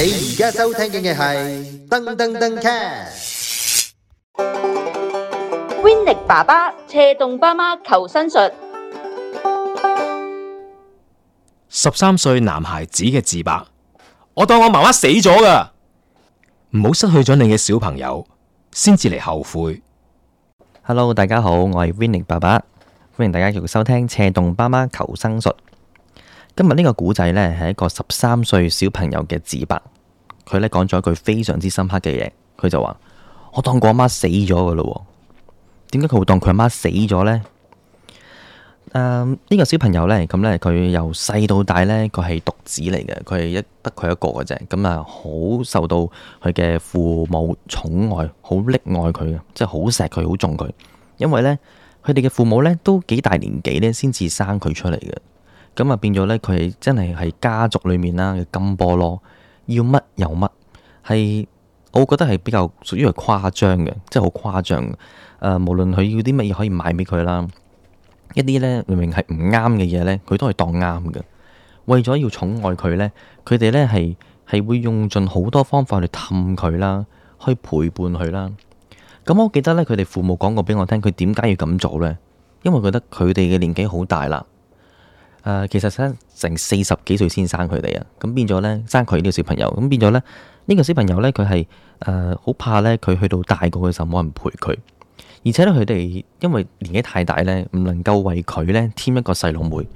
你而家收聽嘅係《噔噔噔 Cat》，Winnie 爸爸，斜棟爸媽求生術。十三歲男孩子嘅自白：我當我媽媽死咗噶，唔好失去咗你嘅小朋友，先至嚟後悔。Hello，大家好，我係 Winnie 爸爸，歡迎大家繼續收聽《斜棟爸媽求生術》。今日呢個古仔呢，係一個十三歲小朋友嘅自白。佢呢講咗一句非常之深刻嘅嘢，佢就話：我當我阿媽死咗噶咯。點解佢會當佢阿媽死咗呢？嗯，呢個小朋友呢，咁呢，佢由細到大呢，佢係獨子嚟嘅，佢係一得佢一個嘅啫。咁啊，好受到佢嘅父母寵愛，好溺愛佢嘅，即係好錫佢，好重佢。因為呢，佢哋嘅父母呢，都幾大年紀呢，先至生佢出嚟嘅。咁啊，變咗咧，佢係真係係家族裏面啦嘅金菠蘿，要乜有乜，係我覺得係比較屬於係誇張嘅，即係好誇張嘅。誒、呃，無論佢要啲乜嘢可以買俾佢啦，一啲咧明明係唔啱嘅嘢咧，佢都係當啱嘅。為咗要寵愛佢咧，佢哋咧係係會用盡好多方法去氹佢啦，去陪伴佢啦。咁我記得咧，佢哋父母講過俾我聽，佢點解要咁做咧？因為覺得佢哋嘅年紀好大啦。誒，其實成成四十幾歲先生佢哋啊，咁變咗咧生佢呢個小朋友，咁變咗咧呢個小朋友咧，佢係誒好怕咧。佢去到大個嘅時候冇人陪佢，而且咧佢哋因為年紀太大咧，唔能夠為佢咧添一個細佬妹，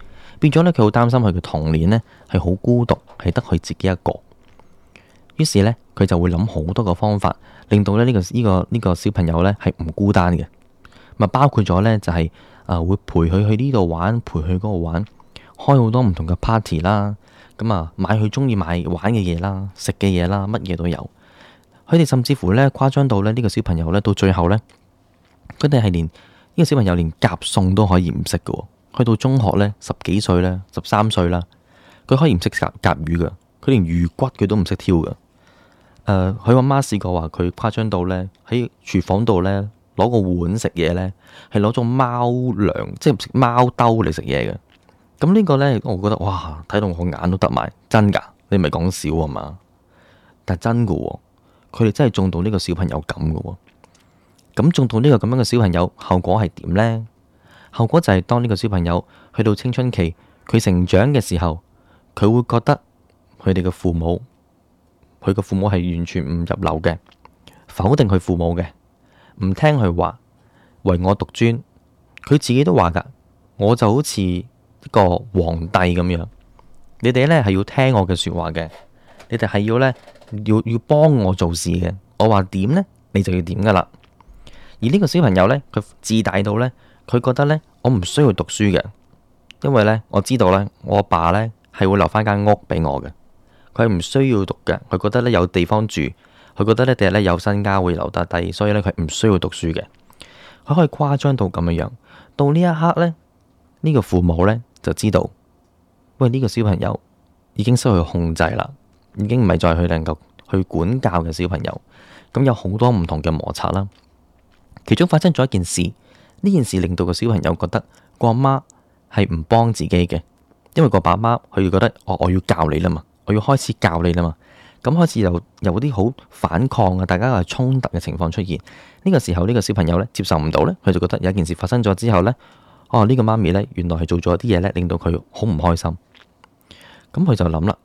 變咗咧佢好擔心佢嘅童年咧係好孤獨，係得佢自己一個。於是咧佢就會諗好多個方法，令到咧呢個呢個呢個小朋友咧係唔孤單嘅。啊，包括咗咧就係誒會陪佢去呢度玩，陪佢嗰度玩。開好多唔同嘅 party 啦，咁啊，買佢中意買玩嘅嘢啦，食嘅嘢啦，乜嘢都有。佢哋甚至乎呢，誇張到咧呢個小朋友呢，到最後呢，佢哋係連呢、呢個小朋友連夾餸都可以唔識嘅。去到中學呢，十幾歲呢，十三歲啦，佢可以唔識夾夾魚㗎，佢連魚骨佢都唔識挑㗎。誒，佢阿媽試過話佢誇張到呢，喺廚房度呢，攞個碗食嘢呢，係攞咗貓糧，即係食貓兜嚟食嘢嘅。咁呢個呢，我覺得哇，睇到我眼都凸埋，真噶，你唔係講笑啊嘛。但係真噶、哦，佢哋真係中到呢個小朋友咁噶、哦。咁中到呢個咁樣嘅小朋友，後果係點呢？後果就係當呢個小朋友去到青春期，佢成長嘅時候，佢會覺得佢哋嘅父母，佢嘅父母係完全唔入流嘅，否定佢父母嘅，唔聽佢話，唯我獨尊。佢自己都話噶，我就好似。一個皇帝咁樣，你哋咧係要聽我嘅說話嘅，你哋係要咧要要幫我做事嘅。我話點咧，你就要點噶啦。而呢個小朋友咧，佢自大到咧，佢覺得咧，我唔需要讀書嘅，因為咧我知道咧，我阿爸咧係會留翻間屋俾我嘅。佢係唔需要讀嘅，佢覺得咧有地方住，佢覺得咧第日咧有身家會留得低，所以咧佢唔需要讀書嘅。佢可以誇張到咁樣樣。到呢一刻咧，呢個父母咧。就知道，喂，呢個小朋友已經失去控制啦，已經唔係再去能夠去管教嘅小朋友，咁有好多唔同嘅摩擦啦。其中發生咗一件事，呢件事令到個小朋友覺得個阿媽係唔幫自己嘅，因為個阿媽佢覺得我、哦、我要教你啦嘛，我要開始教你啦嘛，咁開始又有啲好反抗啊，大家嘅衝突嘅情況出現。呢個時候呢個小朋友咧接受唔到呢，佢就覺得有一件事發生咗之後呢。哦，呢個媽咪呢，原來係做咗啲嘢，呢，令到佢好唔開心。咁佢就諗啦，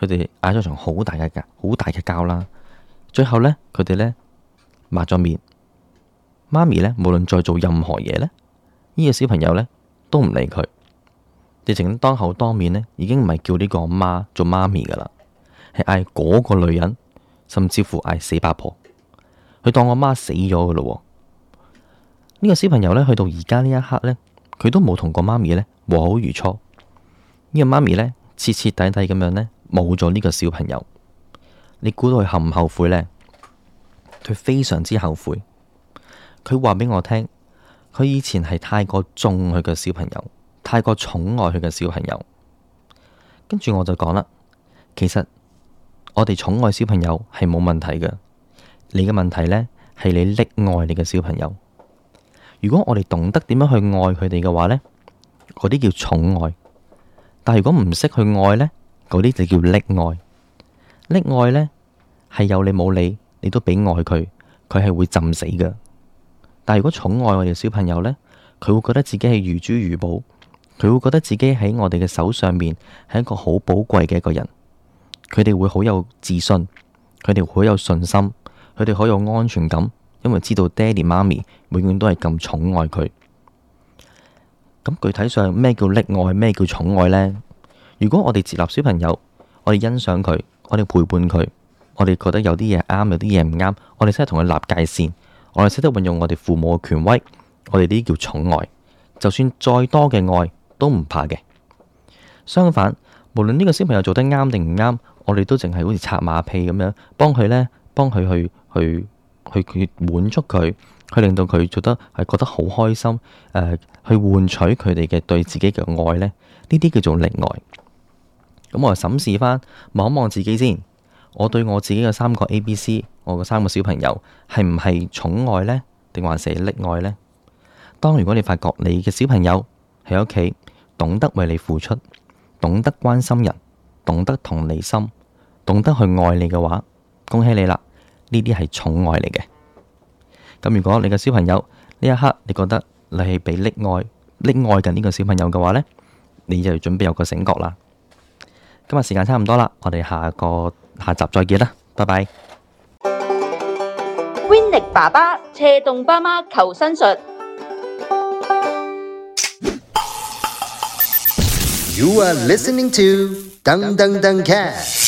佢哋嗌咗場好大嘅好大嘅交啦。最後呢，佢哋呢，抹咗面。媽咪呢，無論再做任何嘢呢，呢個小朋友呢，都唔理佢。直情當口當面呢，已經唔係叫呢個阿媽做媽咪噶啦，係嗌嗰個女人，甚至乎嗌死八婆。佢當我媽死咗噶啦。呢個小朋友呢，去到而家呢一刻呢，佢都冇同個媽咪呢和好如初，媽呢個媽咪呢徹徹底底咁樣呢冇咗呢個小朋友，你估到佢後唔後悔呢？佢非常之後悔。佢話俾我聽，佢以前係太過縱佢個小朋友，太過寵愛佢個小朋友。跟住我就講啦，其實我哋寵愛小朋友係冇問題嘅，你嘅問題呢，係你溺愛你嘅小朋友。如果我哋懂得點樣去愛佢哋嘅話呢，嗰啲叫寵愛；但係如果唔識去愛呢，嗰啲就叫溺愛。溺愛呢，係有你冇你，你都俾愛佢，佢係會浸死㗎但係如果寵愛我哋小朋友呢，佢會覺得自己係如珠如寶，佢會覺得自己喺我哋嘅手上面係一個好寶貴嘅一個人，佢哋會好有自信，佢哋好有信心，佢哋好有安全感。因為知道爹哋媽咪永遠都係咁寵愛佢，咁具體上咩叫溺愛，咩叫寵愛呢？如果我哋接納小朋友，我哋欣賞佢，我哋陪伴佢，我哋覺得有啲嘢啱，有啲嘢唔啱，我哋識得同佢立界線，我哋識得運用我哋父母嘅權威，我哋呢啲叫寵愛。就算再多嘅愛都唔怕嘅。相反，無論呢個小朋友做得啱定唔啱，我哋都淨係好似擦馬屁咁樣，幫佢呢，幫佢去去。去去去去滿足佢，去令到佢做得係覺得好開心。誒，去換取佢哋嘅對自己嘅愛咧，呢啲叫做溺愛。咁我嚟審視翻，望一望自己先。我對我自己嘅三個 A、B、C，我嘅三個小朋友係唔係寵愛咧，定還是溺愛咧？當如果你發覺你嘅小朋友喺屋企懂得為你付出，懂得關心人，懂得同理心，懂得去愛你嘅話，恭喜你啦！呢啲係寵愛嚟嘅，咁如果你嘅小朋友呢一刻你覺得你係被溺愛溺愛緊呢個小朋友嘅話咧，你就準備有個醒覺啦。今日時間差唔多啦，我哋下個下集再見啦，拜拜。Winnie 爸爸，che 動爸媽求新術。You are listening to 噔噔噔 cat。